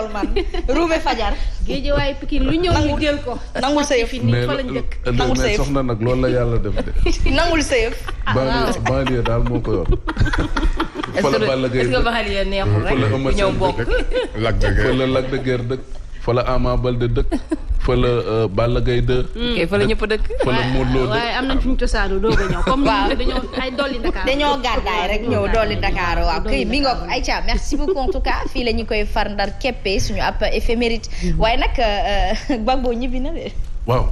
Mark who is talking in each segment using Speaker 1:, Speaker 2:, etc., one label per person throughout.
Speaker 1: sol man ruube fajar. géejewaay Pikine lu ñëw ñu jël ko. nangul sa yëf nii fa lañ dëkk.
Speaker 2: nangul sa yëf mais soxna nag loolu la yàlla def de.
Speaker 3: nangul sa yëf. Ah, banlieue
Speaker 2: banlieue daal moo ko yor. est-ce que est-ce que
Speaker 3: neexul rek. ñëw
Speaker 2: bokk fa la Balla dëkk. fa la Ama Baldé dëkk fa la euh, Balla Gaye dëkk. Hmm. fa la ñëpp dëkk. fa la Modou Lo dëkk
Speaker 3: am nañ fi ñu cosaanu doog a ñëw comme ñun dañoo ay dolli Dakar. dañoo gàddaay rek ñëw dolli Dakar waaw kay mi ngoog Aïcha merci beaucoup en tout cas fii la ñu koy far ndar keppe suñu ab éphémérite hmm. waaye nag euh, Gbagbo ñibbi na de.
Speaker 2: waaw.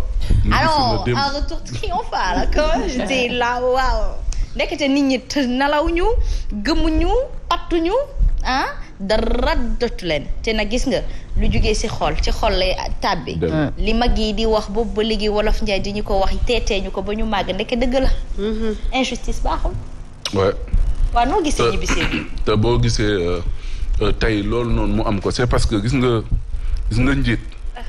Speaker 2: alors un
Speaker 3: retour triomphal que j'étais là waaw. ndekete nit ñi nalaw ñu gëmuñu pattuñu dara dottu leen te nag gis nga lu jugee ci xool ci xool lay bi li mag yi di wax boobu ba liggéey wolof njaay di ñu ko wax teetee ñu ko ba ñu màgg ndeke dëgg la mm-hmm. injustice baaxul waaw noo gisee ñibbisee
Speaker 2: bi te boo gisee euh, euh, tey loolu noonu mu am ko c'est parce que gis nga gis nga njiit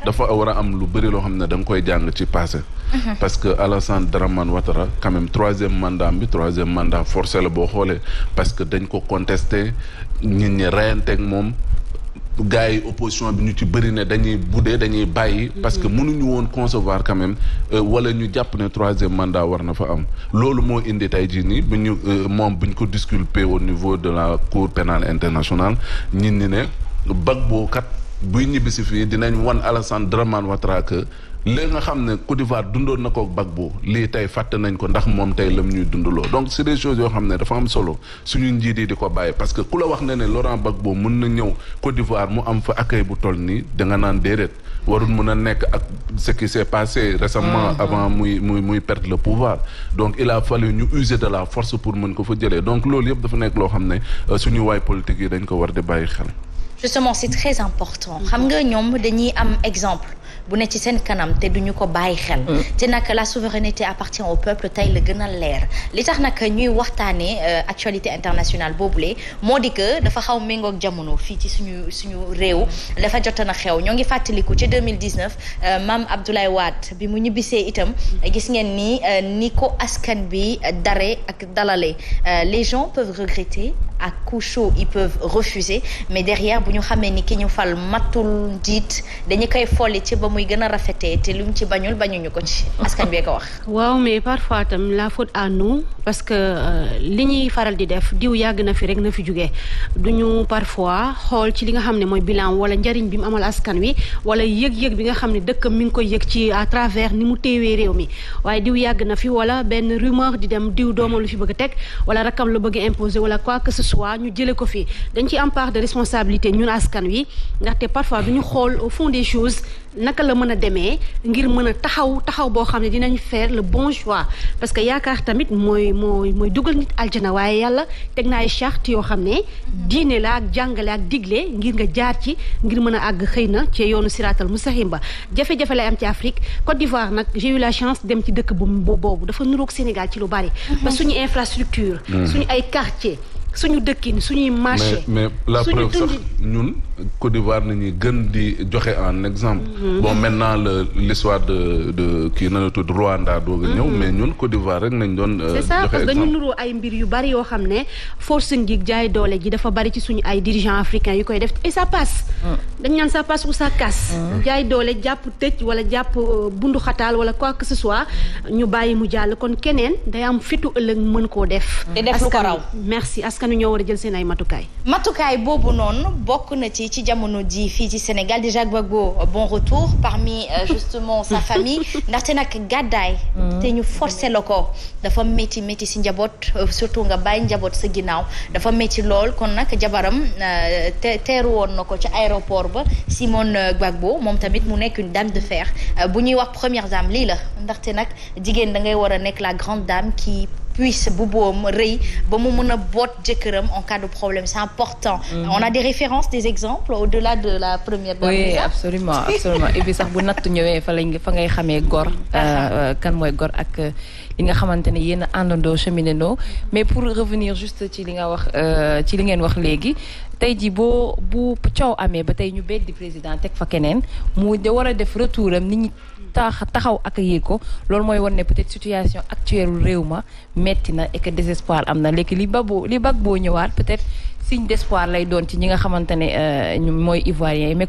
Speaker 2: dafa war a am lu bëri loo xam ne da nga koy jàng ci passé. Mhm. parce que Alassane Dramane Ouattara quand même troisième mandat bi troisième mandat forcé la boo xoolee parce que dañ ko contesté nit ñi reyanteeg moom. gars yi opposition bi ñu ci bëri ne dañuy buddee dañuy bàyyi. parce que mhm. mënuñu woon concevoir quand euh, wala ñu jàpp ne troisième mandat war na fa am. loolu moo indi tey jii nii bu ñu euh, moom buñ ko disculpé au niveau de la cour pénale internationale ñit ñi ne bag boo kat. buy ñibbisi fii dinañ wan Alassane Dramane Ouattara que li nga xam ne Côte d'Ivoire dundoon na ko Gbagbo lii tey fàtte nañ ko ndax moom tey la lam ñuy dundaloo donc c'est des choses yoo xam ne dafa am solo suñu njiit yi di ko bàyyi parce que ku la wax ne ne Laurent Gbagbo mën na ñëw Côte d'Ivoire mu am fa accueil bu toll nii da nga naan déedéet warul mun a nekk ak ce qui s'est passé récemment mm-hmm. avant muy muy muy perdre le pouvoir donc il a fallu ñu user la force pour mën ko fa jëlee donc loolu yëpp dafa nekk loo xam ne euh, suñu waay politique yi dañ ko war di bàyyi xel
Speaker 3: justement c'est très important xam nga ñoom dañuy am exemple bu ne ci seen kanam te duñu ko bàyyi xel mm. te naka la souveraineté appartient au peuple tey la gën a leer li tax nag ñuy waxtaanee euh, actualité internationale boobule moo di que dafa xaw méngoog jamono fii ci suñu suñu réew dafa jotoon a xew ñoo ngi fàttaliku ci 2019 euh, maam Abdoulaye Wade bi mu ñibbisee itam euh, gis ngeen ni ni ko askan bi dare ak dalale les gens peuvent regretter ak coup chaud ils peuvent refuser mais derrière bu ñu xamee ni ki ñu fal matul njiit dañu koy folli ci ba muy gën a rafetee te lu mu ci bañul ñu ko ci askan bee ko wax.
Speaker 1: waaw mais parfois tam la faute à parce que euh, li ñuy faral di def diw yàgg na fi rek na fi jugee duñu parfois xool ci li nga xam ne mooy bilan wala njariñ bi mu amal askan wi wala yëg-yëg bi nga xam ne dëkkam mi ngi koy yëg ci à travers ni mu téewee réew mi waaye diw yàgg na fi wala benn rumeur di dem diw doomam lu fi bëgg teg wala rakam lu bëgg soit ñu jëlee ko fi dañ ci am part de responsabilité ñun askan wi ndaxte parfois du ñu xool au fond des choses naka la mën a demee ngir mën a taxaw taxaw boo xam ne dinañ faire le bon choix parce que yaakaar tamit mooy mooy mooy dugal nit aljana waaye yàlla teg na ay charte yoo xam ne diine la ak jàngale ak digle ngir nga jaar ci ngir mën a àgg xëy na ci yoonu siraatal mustaxim ba jafe-jafe lay am ci Afrique Côte d'Ivoire nag j'ai eu la chance dem ci dëkk bu boobu dafa nuroog Sénégal ci lu bari parce mhm. que suñu infrastructure mhm. suñu ay quartier suñu dëkkin suñuy marché. suñu mais mais la preuve sax
Speaker 2: ñun. Côte d'Ivoire nañuy gën di joxe en exemple. Mhm. bon maintenant le l'histoire de de kii na la Rwanda doog ñëw. Mhm. mais ñun Côte d'Ivoire rek nañ doon. Euh, joxe exemple c'est dañu
Speaker 1: nuroo ay mbir yu bari yoo xam ne force gi jaay doole ji dafa bari ci suñu ay dirigeants africains yu koy def et sa passe. Mm. dañ naan ça passe ou ça casse. Mm. jaay doole jàpp tëj wala jàpp euh, bundu xataal wala quoi que soi ñu bàyyi mu jàll kon keneen day am fitu ëllëg mën koo def. Mm. te def lu ko raw merci askanu ñoo war a jël seen ay matukaay.
Speaker 3: ci jamono ji fii ci Sénégal déjà Gbagbo bon retour parmi euh, justement sa famille ndaxte nag gàddaay mm. te ñu forcé la ko dafa métti métti si njaboot euh, surtout nga bàyyi njaboot sa ginnaaw dafa métti lool kon nag jabaram euh, te teeru woon na ko ci aéroport ba Simone Gbagbo moom tamit mu nekk une dame de fer bu ñuy wax première dame lii la ndaxte nag jigéen da ngay war a nekk la grande dame qui puisse bu boom rëy ba mu mun a boot jëkkëram en cas de problème c'est important. Mhm. on a des références des exemples au-delà de la première. dame oui
Speaker 1: absolument absolument et puis sax bu natt ñëwee fa lañ fa ngay xamee gor. Ah, ah. Euh, kan mooy gor ak euh, li nga xamante ne yéen a àndandoo mais pour revenir juste ci li nga wax euh, ci li ngeen wax léegi. tey ji boo bu coow amee ba tey ñu beddi président teg fa keneen mu de war a def retour am nit ñi tax taxaw ak yéeg ko loolu mooy wan ne peut-être situation actuelle réew ma metti na et que désespoir am na léegi li ba boo
Speaker 3: li bag boo ñëwaat peut-être signe d'espoir lay doon ci ñi nga xamante ne euh, ñu mooy ivoirien yi